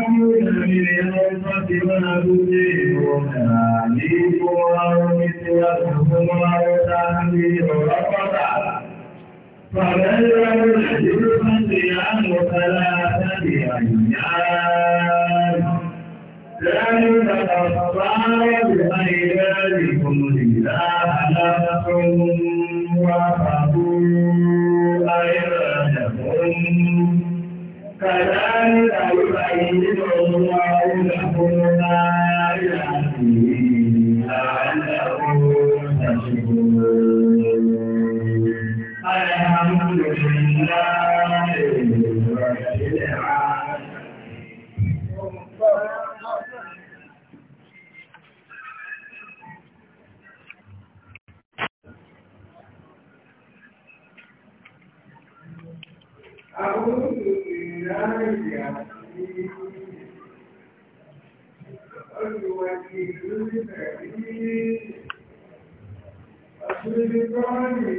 فمن لم يجد فصيام ثلاثة أيام ذلك كفارة بأيمانكم إذا حلفتم وفقوا أيمانكم كذلك يبين الله لكم آياته لعلكم تشكرون الحمد لله رب العالمين Thank you. láàrìnrìn àti ọlùwàdí ìlú ìfẹ̀rí àtúndínlọ́rì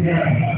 Yeah.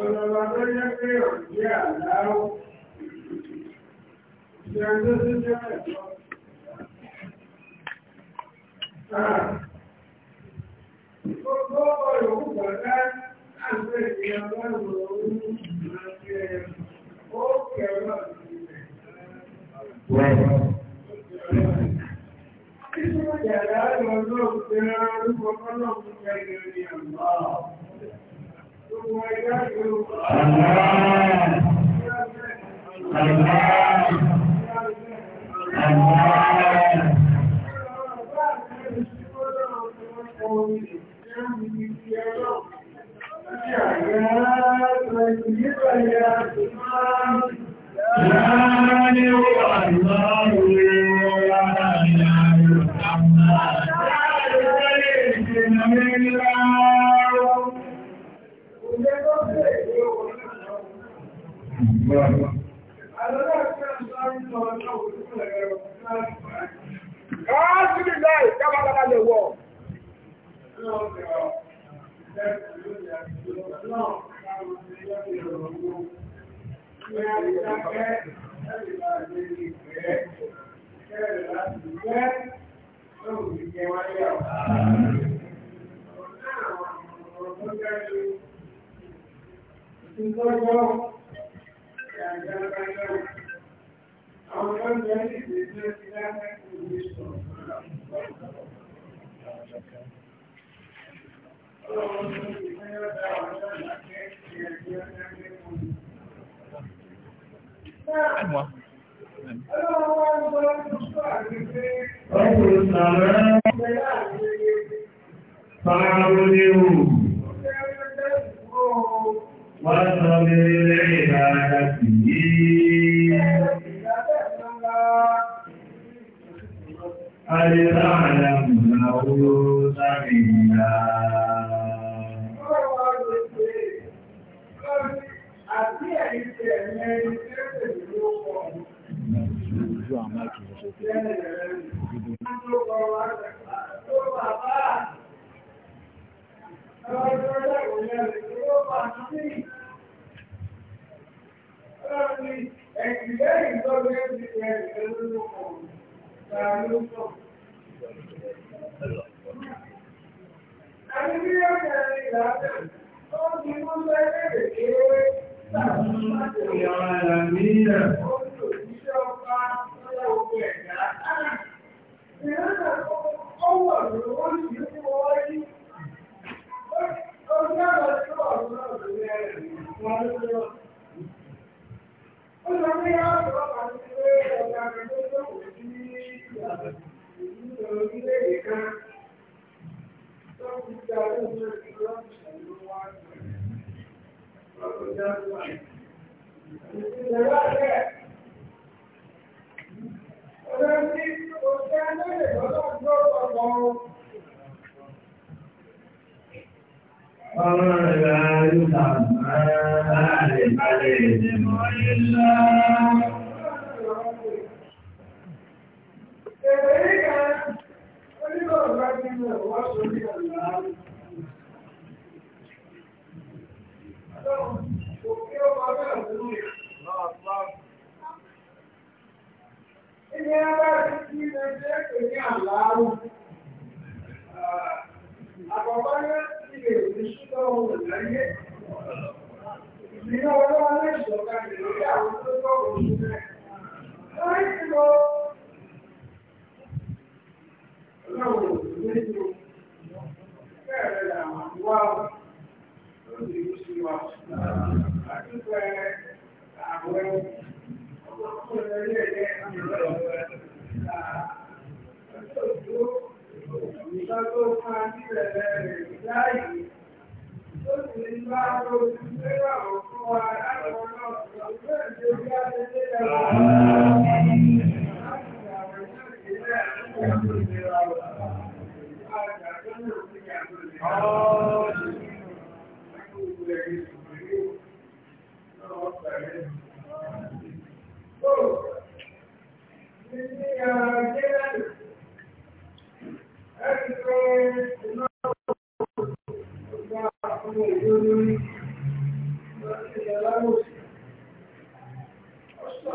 Ọ̀rọ̀lọ́wọ́ tó jẹ́ pé òjí àdáwó, ìjẹ́ tó sí jẹ́ ẹ̀tọ́. Àà, ó gbọ́ ọ̀rọ̀ òkúta ká àgbẹ̀ ìyàwó ọ̀rọ̀ orí Allah you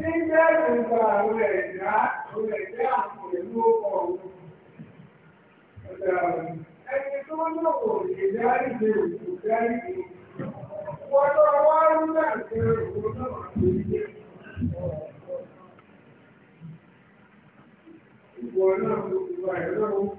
Nígbà ìgbà àwọn ẹ̀dá, àwọn ẹ̀dá pẹ̀lú ọkọ̀ òun. Ẹni tó náà kò lè dárí ṣe òkú dárí ṣe. Wọ́n lọ wá rú náà ṣe òkú náà ṣe ṣe. Ìwọ náà ló ti wá ẹ̀rọ òkú.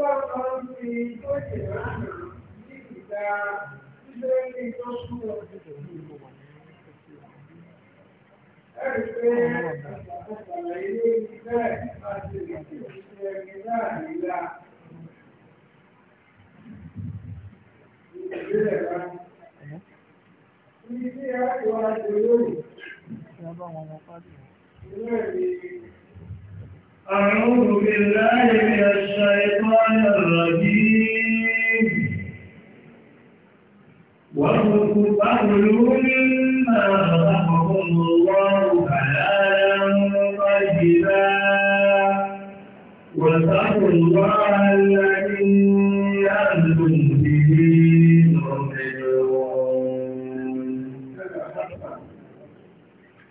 Ọlọ́run ti tó ṣe Ìjọba àwọn ọmọ pàdé. أعوذ بالله من الشيطان الرجيم وَقُلُوا مِمَّا رَزَقَكُمُ اللَّهُ حَلَالًا طَيِّبًا وَاتَّقُوا اللَّهَ الَّذِي أَنْتُمْ بِهِ مُؤْمِنُونَ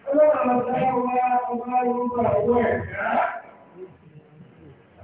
Ọlọ́run àwọn ọ̀sán wa ọba orúkọ ọ̀wọ́ ẹ̀.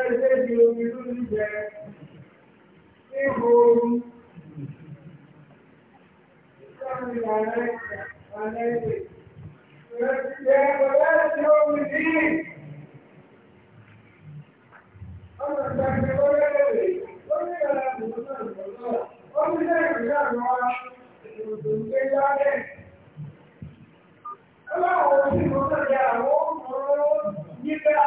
ẹgbẹ́ di omi lóúnjẹ ihò sọ́ni àlẹ́kà àlẹ́kà ìrẹsìlẹ̀ ẹgbẹ́ di omi ní ọ̀nà ìgbàgbé lórílẹ̀-èdè lórí ẹ̀rọ ìgbàgbé lọ́wọ́ ó ní lẹ́yìn ìgbàgbọ́ ìròdùn gbé lálẹ́ ọlọ́run ò sí ìgbàgbé àwọn ọmọ nígbà.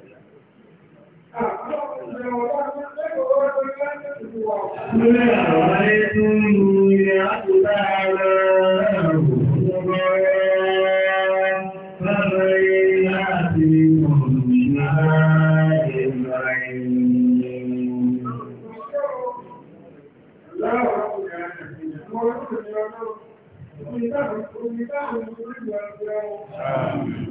Amen.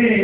que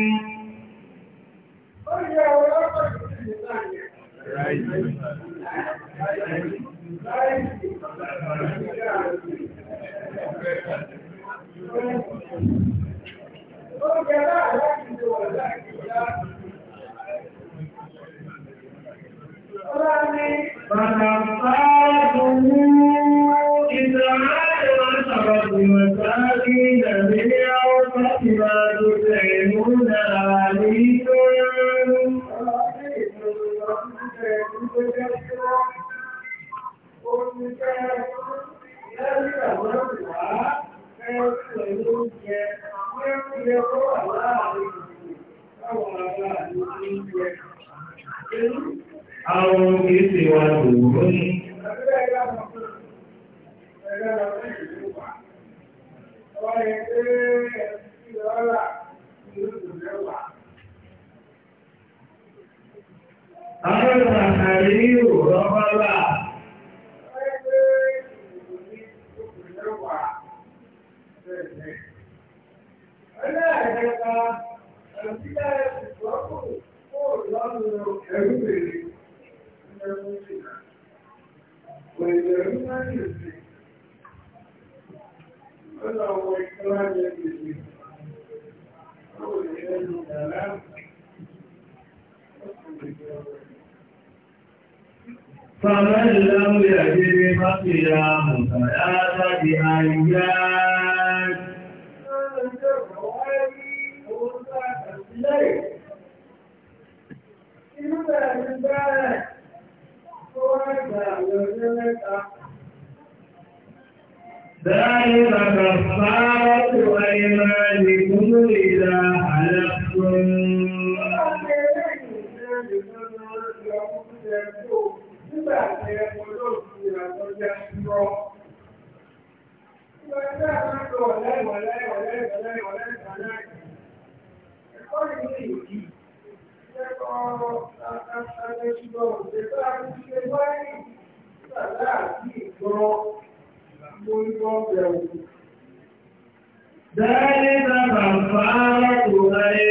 وليجب قتلى متلافة أيام I'm Sampai Tuhan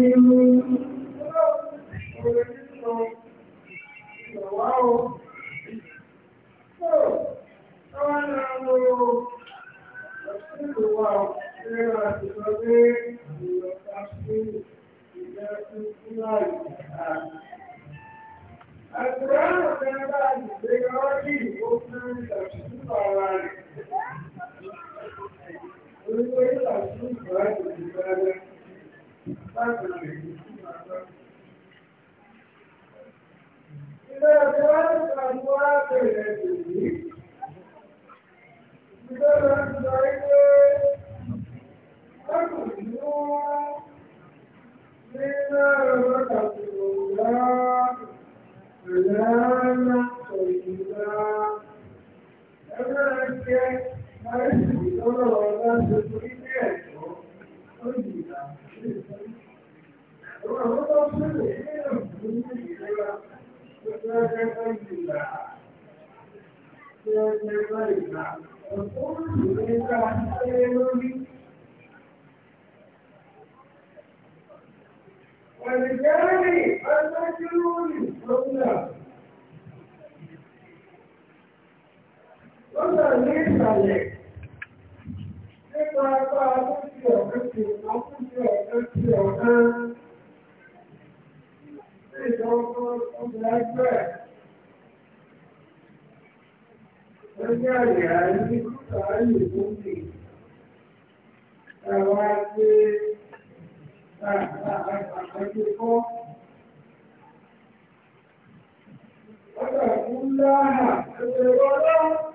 الرحيم náà jẹ́ láìsí lọ́rọ̀ láti orí ní ẹ̀kọ́ ó yìnbá sí ìsọ́jú. Àwọn àwọn tó ń sọ̀rọ̀ ní ìrọ̀lú ní ìlera tó tó ẹgbẹ́ bá ìgbà tó ẹgbẹ́ bá ìgbà ọ̀pọ̀ ìgbà tó ẹ lórí. Wọ̀nyí jẹ́rìí ọjọ́ tí ó ń lò lọ́wọ́. lọ́nà ní ìsàlẹ̀ nípa apá àkúsí ọ̀kẹ́sì àkúsí ọ̀kẹ́sì ọ̀nà ìjọba ọmọ ẹgbẹ́ ẹgbẹ́ àyà ní sàárì lókè ẹ̀wà pé àkàkọ́ Ọjọ́ ìkúnlá àti ìrọ̀lọ́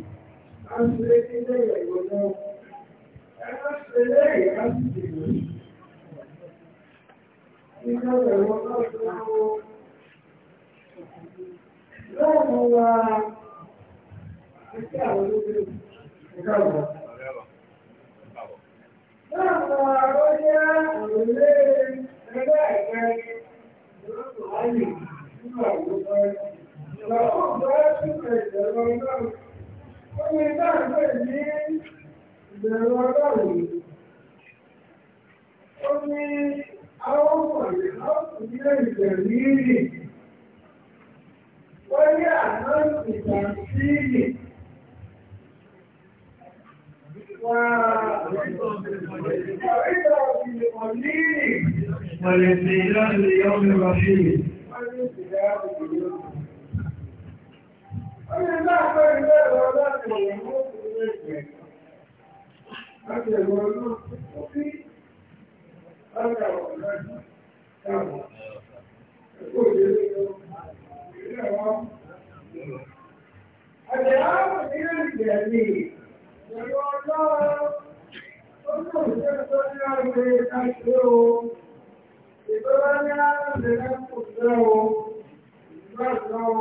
á ń ó ní dáàbò ní ìbẹ̀rù ọlọ́run ó ní àwọn ọmọdé ọ̀sùn nílé ìbẹ̀rù yìí wọ́n ní àná ìtàǹtí yìí. والانتهاء ليوم الرحيم Ìjọba ní àwọn ìrìnàmù ìjọ́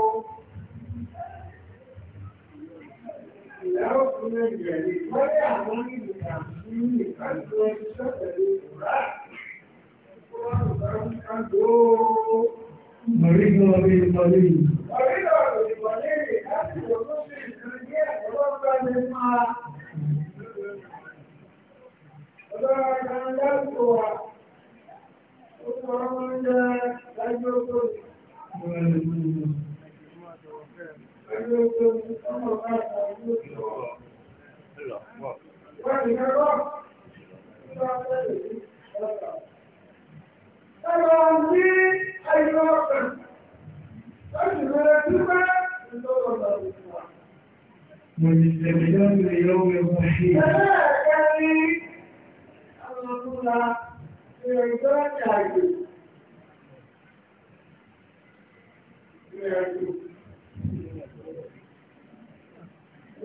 ìgbàgbọ́ Mọ̀rínà orí ìpọ̀lẹ̀ yìí. Mọ̀rínà orí ìpọ̀lẹ̀ yìí láti ìjọba sí ìrìnlẹ̀ ọlọ́pàá ní máa ọlọ́pàá kan lásìkò wà. Ó sọ ọmọ ń jẹ́ lájọ́ من استخدام اليوم المحيط Thank you.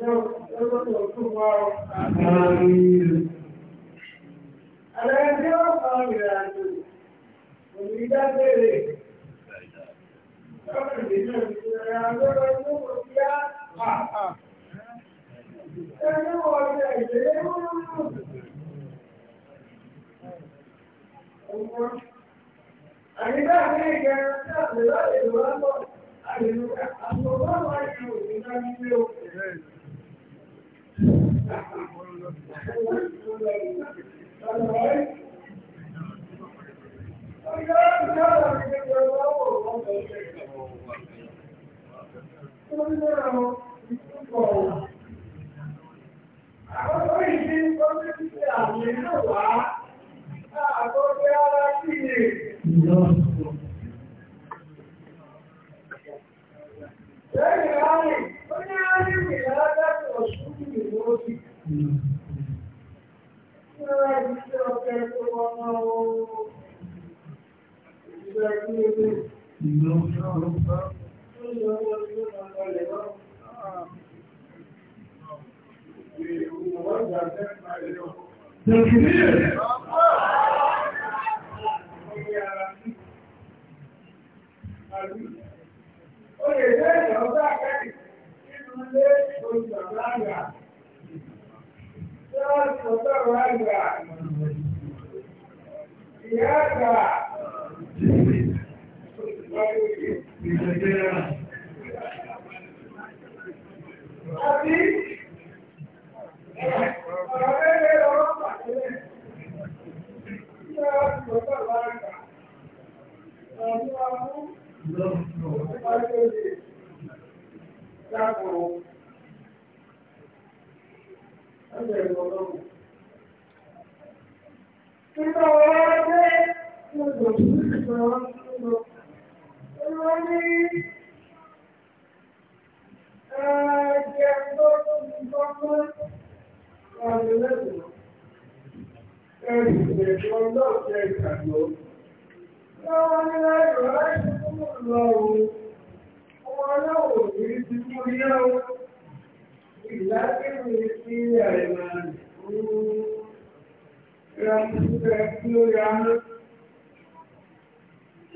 Àlẹ́jẹ́ ọ̀pá ìrìnàjò, òmìnidágbèrè, lọ́pàá ìrìnàjò ìrìnàjò ọdún kò sí á pàá. Ẹni wọ́n jẹ́ ìgbèrè mọ́rún. Ọmọ, àrídá ní ìgbẹ̀rẹ̀ sí àpẹẹrẹ ìlú Thank you.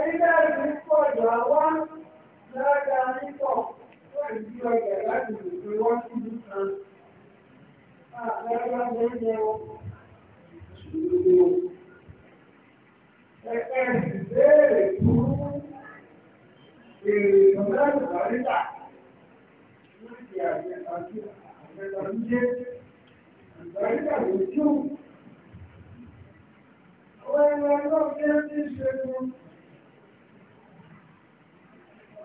Onídàájú pọ̀ jọ wá lára nípọ̀ wọ́n ti ọjà láti lè wọ́n sí ibi kan. Àgbàgbà ah, ló ń yẹ o. Ẹ̀ka ìbéèrè fún èrè ìtọ́jú àríkà. Wọ́n ti àgbẹ̀ àti àgbẹ̀ta ń jẹ́ àgbàríkà lójú. Ọ̀rẹ́ ẹ̀rọ ọlọ́ọ̀kẹ́ ti ṣe fún.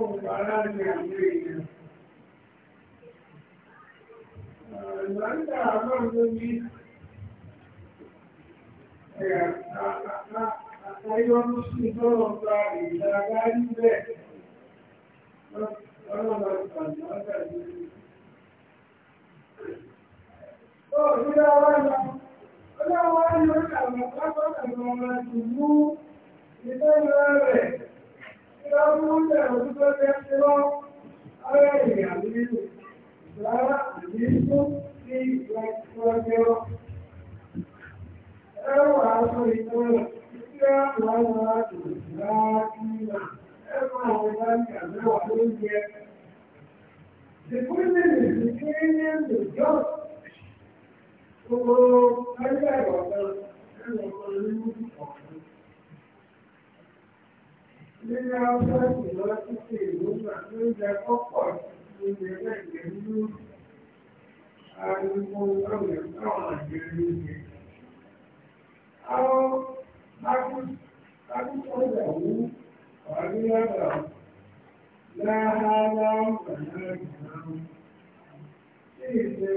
Òǹkàrá ni àwọn èèyàn. Ìlànà àwọn olóbi àtàyọ́nú sí lọ́rọ̀ gba ìdára níbẹ̀. Ọlọ́wọ́ ni ó kàwọ̀ lápọ́kàwọ̀ ọmọ ìlú ìtọ́jú rẹ̀. Gbogbo ẹgbẹ́ ìwọ̀n kan, ẹgbẹ́ ìwọ̀n kan ní mú ọ̀pọ̀ nínú ọ́fẹ́sì lọ títí ìlú náà ló ń jẹ kọ́pọ̀ ní ilé ẹ̀jẹ̀ nínú ariwo lọ́wọ́ táwọn àjẹ́ ní ìgbẹ́. Àwọn akúkọ̀ọ́lẹ̀ wú ọ̀rí ọ̀dọ̀ láhárá ọ̀nà ìgbàlú sí ìṣe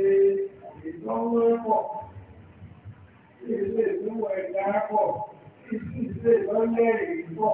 ìdánwò pọ̀ sí ìṣe ìdúnwò ẹ̀dá pọ̀ sí ìṣe ìdánlẹ̀ ìpọ̀.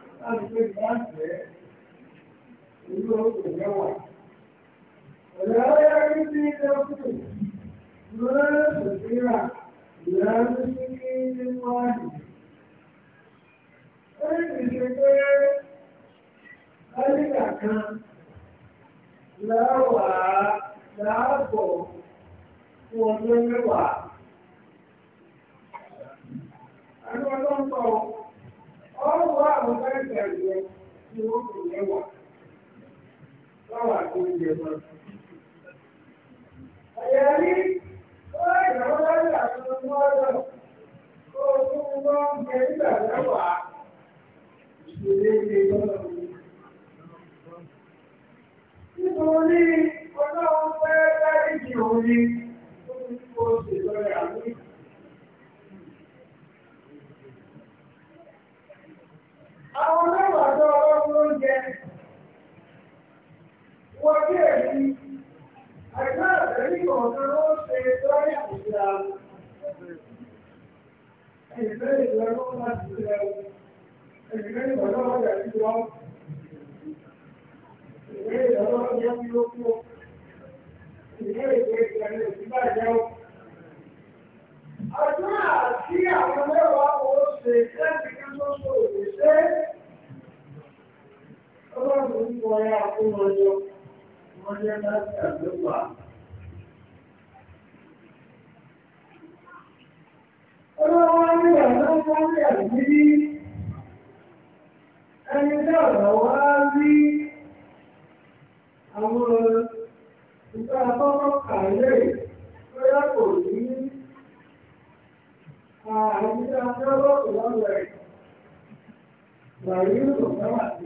láti pé kí wọ́n tẹ̀ ẹ́ ìlú òkè mẹ́wàá. Ọ̀dọ̀ ọ̀yá sí ilé òkú lọ́rọ̀ sòfíra ìlànà sí kí ní wáyé. Ó ní kì ṣe pé Áfíríkà ọ̀rọ̀ wa àwọn fẹ́ẹ̀sì àjẹ òun ni ó ti kó o ṣèlọ́rẹ̀ àmì. àwọn mẹ́wàá ó ṣe lọ́rí àìsá ìfẹ́ ó ṣòro ṣe Ọlọ́run ní wọ́n yá fún ọjọ́, wọ́n yẹ́ láti àjọ́gbà. Ọlọ́run ní ọ̀nà ní àjírí, ẹni dára wá rí àwọn ìgbà àkọ́kọ́ kàlẹ̀ tó yàtọ̀ ní àìjírí akẹ́lọ́pù lọ́rẹ̀. Gbàrí ìrùn náà àti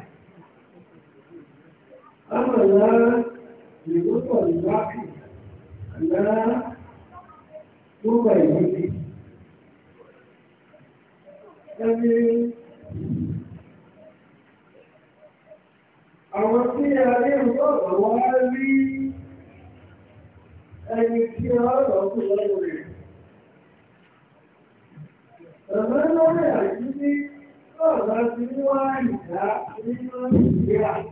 أملا ببطل الواحد لا مبين أمين àwọn tí a ní ọ̀rọ̀ wá rí ẹni tí ọ̀rọ̀ kú lọ́wọ́ rẹ̀. Ọ̀nà lọ́rẹ̀ àti ní ọ̀rọ̀ ìdá nínú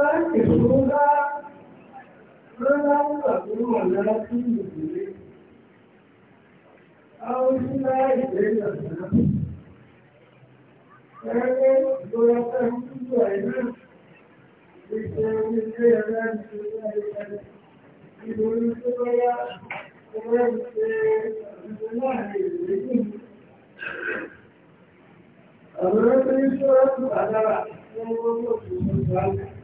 láti tó bá rọ́láwà tó wà láti ìdílé àwọn tí láì lè lọ́nà ẹgbẹ́ ìgbòrò fẹ́ púpọ̀ ẹ̀nà ìṣẹ́ ilé ẹ̀rẹ́ ìṣẹ́ ẹ̀rẹ́ ìròyìn tó bọ́yá ẹgbẹ́ ìṣẹ́ ìṣẹ́ láàrin ìròyìn àwọn ẹgbẹ́ ìṣẹ́ ọ̀pọ̀ àdára ní ọgbọ́n tó ṣe ṣe ṣe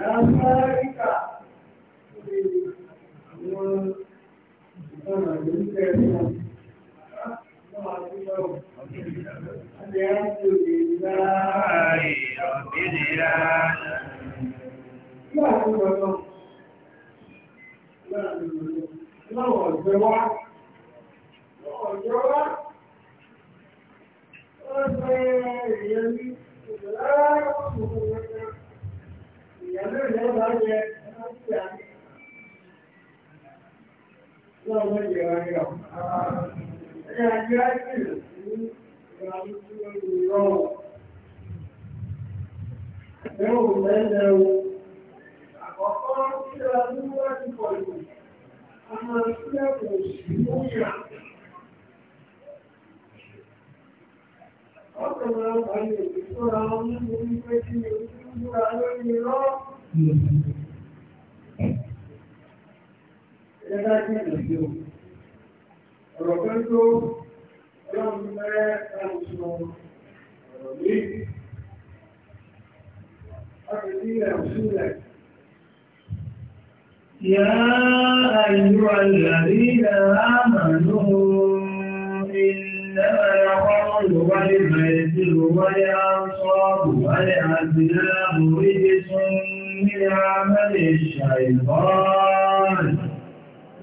lámẹ́ríkà ṣe àwọn ìgbàlá ní kẹrin wọn àti lọ́wọ́ àti àti òye láàárín ọ̀bìnira. Kí àwọn ọ̀dọ́ láwọn ọ̀jọ́ wá ọ̀jọ́ wá wọ́n fẹ́ èèyàn ní ìgbàlá ọ̀pọ̀lọpọ̀ Àkọ́kọ́ tí a mú wá ti pọ̀ ìlú, a máa ń fẹ́ kò sí ó yà. ọ̀pọ̀lọpọ̀ ilé ìṣúra ọmọ orí pé kí ni ìṣúra lórí rọ́. Ẹgbẹ́ jẹ́ ìrìnàjò. Ọ̀rọ̀ kan tó ọlọ́run mẹ́rẹ́ láti sọ ọ̀rọ̀ yìí. Ọ̀rọ̀ yìí rẹ̀ sílẹ̀. يا أيها الذين آمنوا إن إنما يقول والميسر والأنصاب والأزلام رجس من عمل الشيطان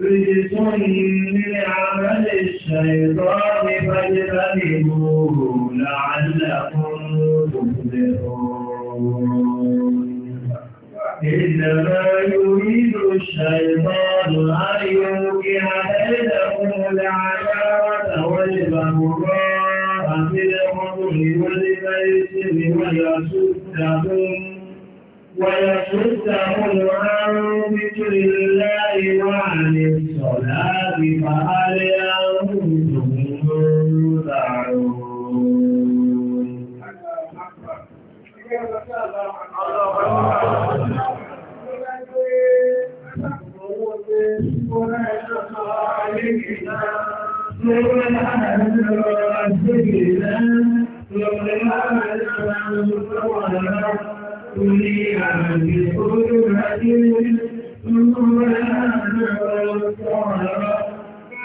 رجس من عمل الشيطان فاجتنبوه لعلكم تفلحون إنما يريد الشيطان أن يوقع بينكم العداوة الغيب مراء من الرمح والميسر ويصدهم ويصدهم عن ذكر الله وعن الصلاة فهل سليما بظلمة ثم لا نرى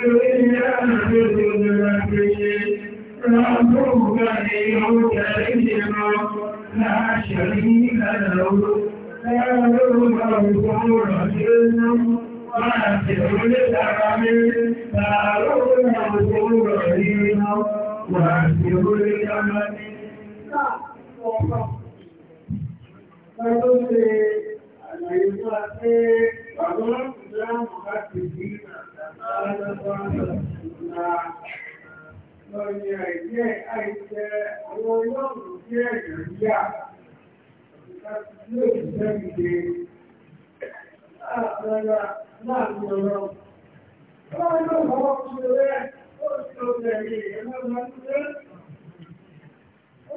سليما بظلمة ربك ليكرم لا شريك له له الغفور الرحيم واسع الكرم له الغفور الرحيم واسع الكرم tó ṣe àgbèrè fún wa pé àwọn ìsìláàmù bá ti di lọ́yìn àìjẹ́ àìjẹ́ àwọn ọlọ́run tí ẹ̀yàn yá láti lè ṣẹ́gbìdè àpẹẹrẹ láàrin ọlọ́run. Wọ́n lọ́wọ́ ṣe rẹ̀ ó ṣe ó bẹ̀rẹ̀ ẹ̀mọ́ Ọlọ́run Àwọn ìgbà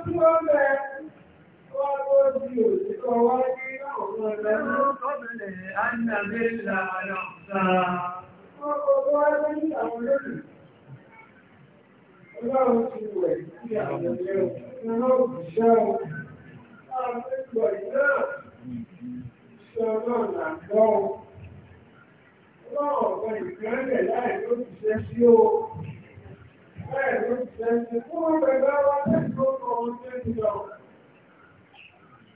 tí wọ́n bẹ̀rẹ̀ Ọlọ́run ti wẹ̀ sí àwọn ẹgbẹ́ ọ̀rọ̀ ìṣẹ́ ọ̀rọ̀. Àwọn ẹgbẹ́ ìlú ṣe ọlọ́run àgbọ́. Ọlọ́run ọ̀pọ̀ ìgbẹ́rẹ̀ láì ló ti ṣẹ́ sí ó. Láì ló ti ṣẹ́ sí fún ọgbẹ̀gbẹ́ wá tẹ́kọ̀ọ́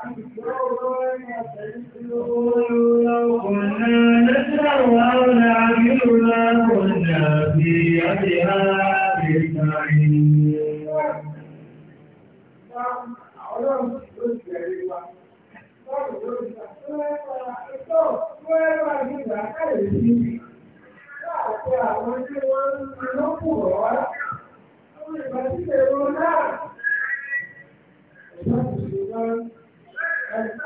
كنا نسمع ونعملنا كنا في أصحاب السعير Thank you. Amen.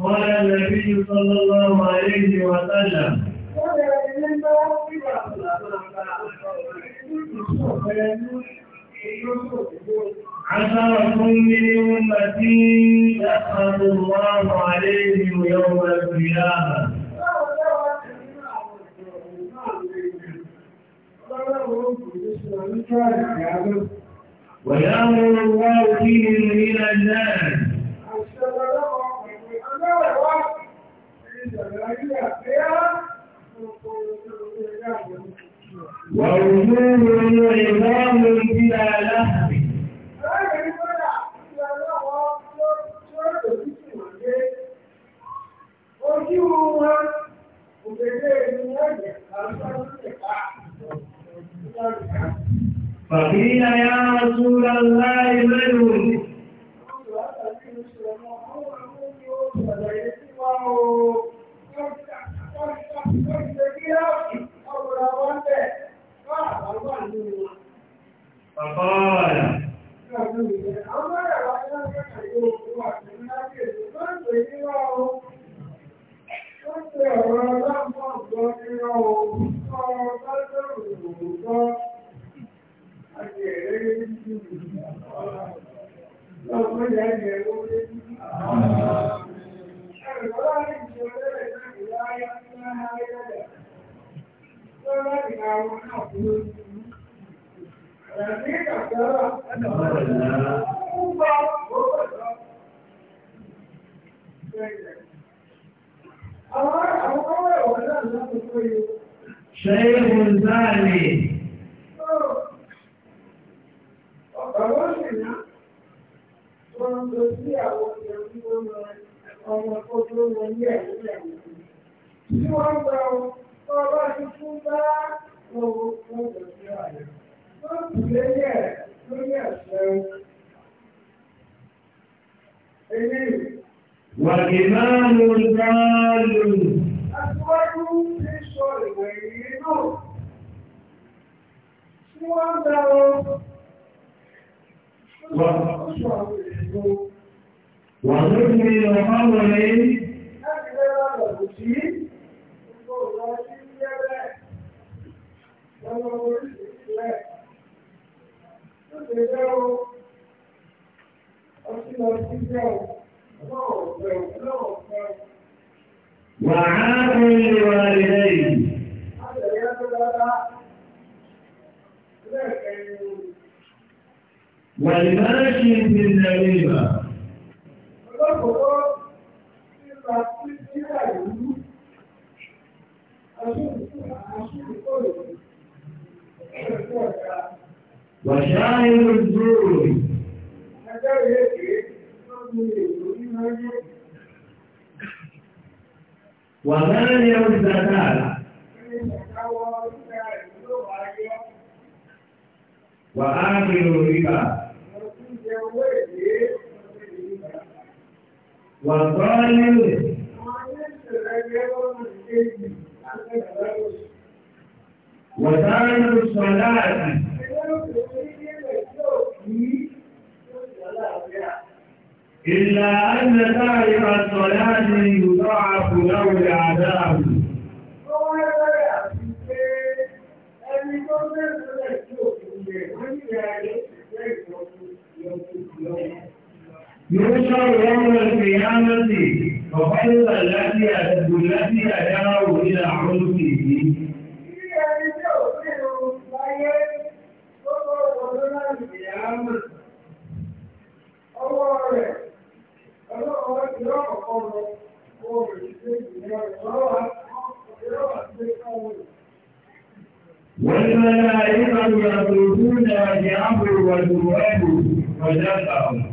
قال النبي صلى الله عليه وسلم عشرة من أمتي يأخذ الله عليهم يوم القيامة ويأمر الله بهم إلى الناس ووجوه عظام بلا لهو Ojú wọn, وشاعر الزور ومانع الزكاة وآكل الربا والظالم وزارة الصلاة إلا أن تارك الصلاة يضاعف له العذاب يوشع يوم القيامة فقلب الذي الذي أداه إلى عنقه والملائكة يطوفون بأمر وجواب وجزاهم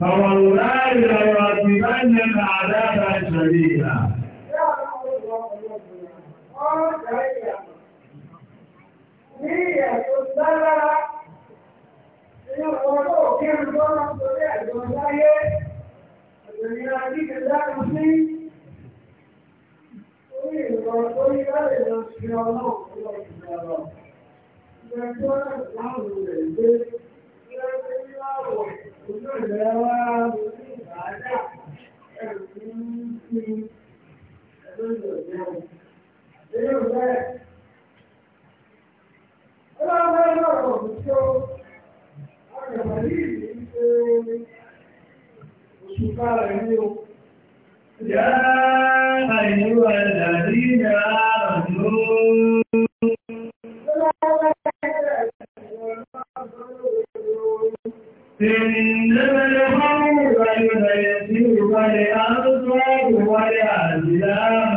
فوالله ليعذبن عذابا شديدا Thank you. يا أيها الذين آمنوا إنما الحر يسير ولأنصار ولأجلاب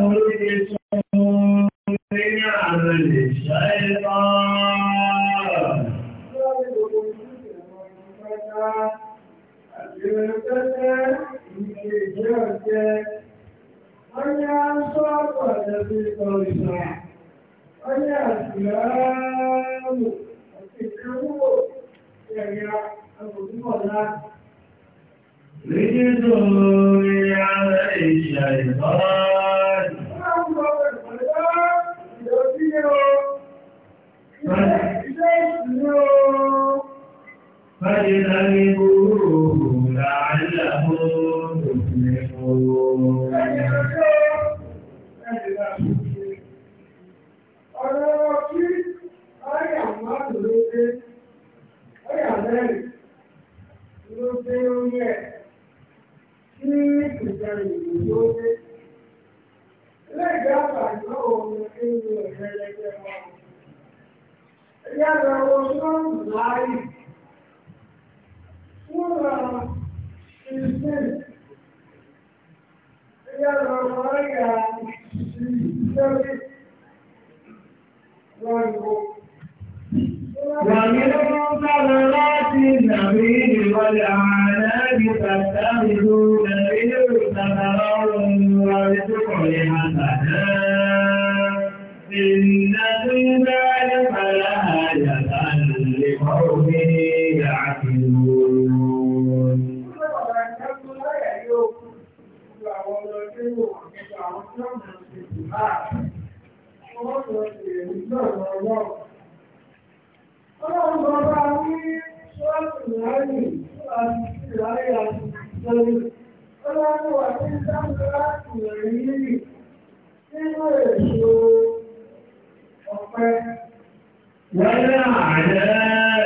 رجل من على الشيطان ومن ثمرات النبيل والأعناب تتخذون منه ثمرا ورزقا حسنا إن في ذلك gbàgbọ́ ọlọ́run. Ọlọ́run bàbá ní ṣọ́ọ̀tù láàyè àti ìráyè àti ìṣẹ́lẹ̀. Ọlọ́run wà ní sáńdọ́ láti rìn yìí nínú èso ọ̀pẹ. Wẹ́lẹ́ àárẹ̀.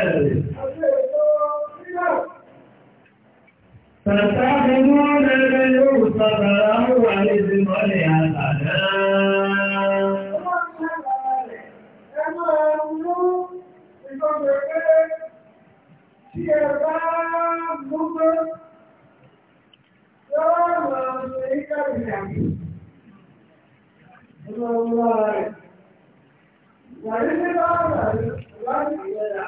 Àti èso sílẹ̀. Tàtà fún tó ṣe pé tí ẹ bá gbogbo yóò lọ sí kàbìkàbì lọ́wọ́ rẹ̀. Wàyí ní báwọn rẹ̀ láti ìlera.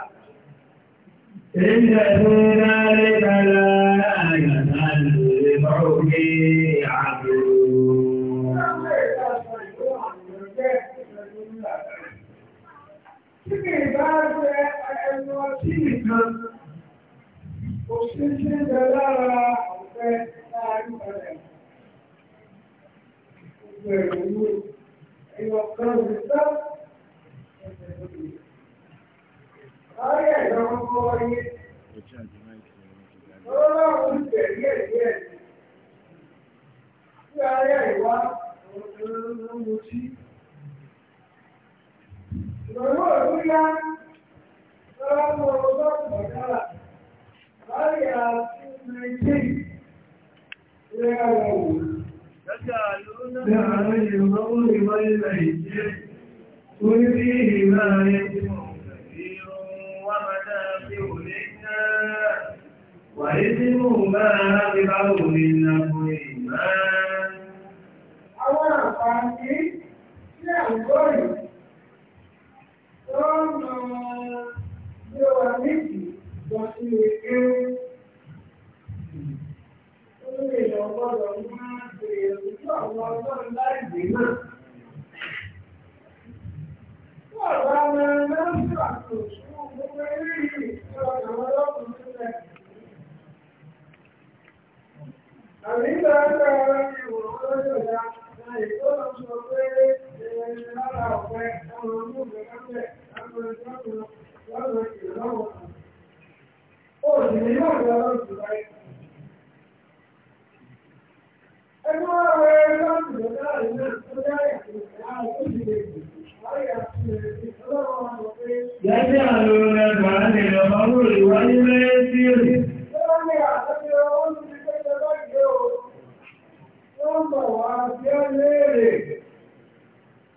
إن هنالك لا آية للمعوقين káàkiri ẹnu ọtí nìkan, òṣìṣẹ́ ń bẹ lára ọ̀fẹ́ láàrin ọ̀rẹ́. Gbogbo ẹ̀rọ ìwé ẹ̀yọ̀ kan ò ní sá. Ayé ẹ̀rọ ọkọ̀ ọyẹ. Ọlọ́run tẹ̀lé ẹ̀yẹ ẹ̀sìn. Tí ayé ìwá, òun ìrọ̀lú òkú yá lọ́wọ́ mọ́ ọgọ́rùn-ún ọ̀dára láyé àti nàìjíríà ìrẹ́ra wọ̀ wò. Lọ́jà àlúrú ìrọ̀lú ìwọ́lé nàìjíríà orí bí ìrìnà rẹ̀ ti mọ̀ ìrùn wà máa ní Àwọn àpá lọ́nà bí wà méjì lọ sí eke. Olórí èèyàn gbọ́dọ̀ máa bèèrè sí àwọn ọlọ́run láìdè náà. Fún ọ̀gá ọmọ náà ń bọ̀ àpò fún gbogbo eré yìí tí ọ̀gá ọlọ́run sílẹ̀. Àmì ìgbà ń bẹ̀rẹ̀ ìwọ̀n ọlọ́dọ̀ dá, àìkó lọ sọ pé Gẹ́gẹ́ àlòrò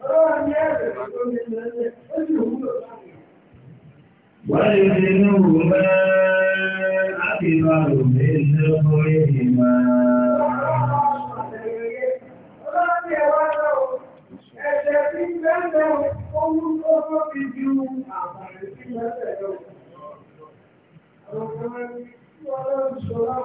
وَيُدْنُهُمَا أَكْبَرُ مِنْ نُفُرِهِمَا Ẹ̀ṣẹ̀ tí ń ṣọ́lá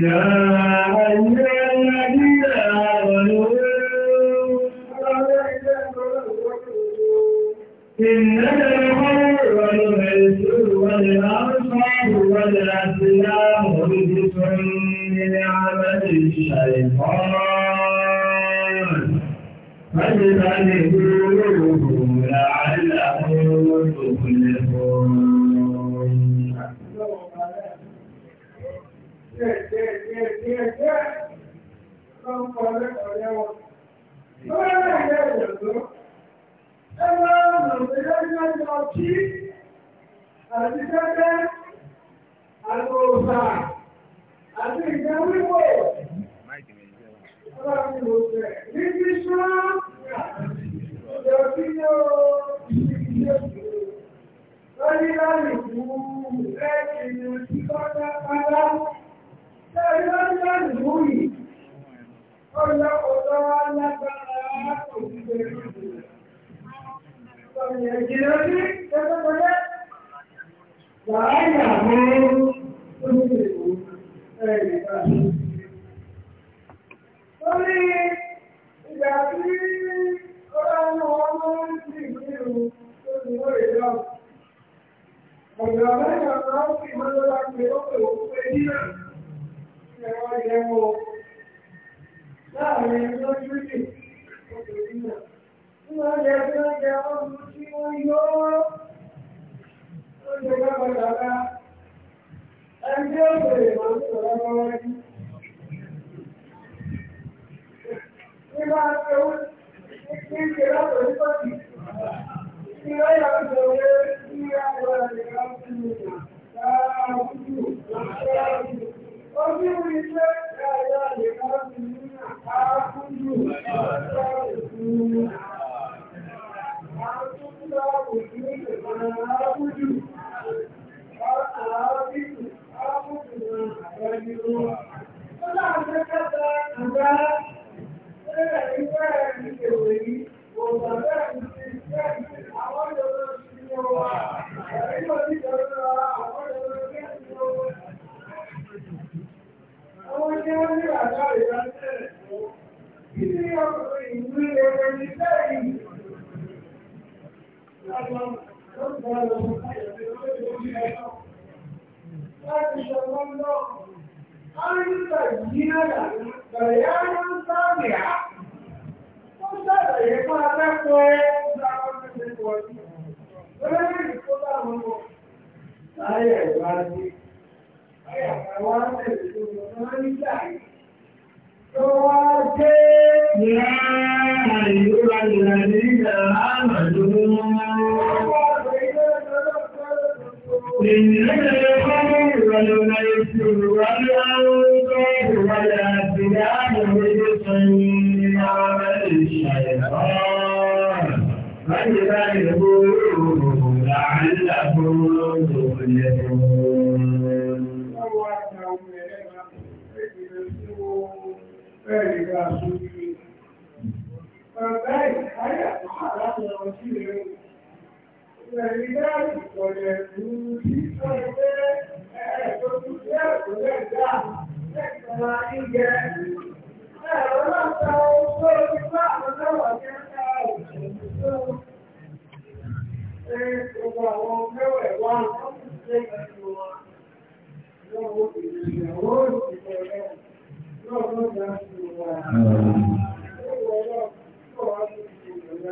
يا أيها Thank you.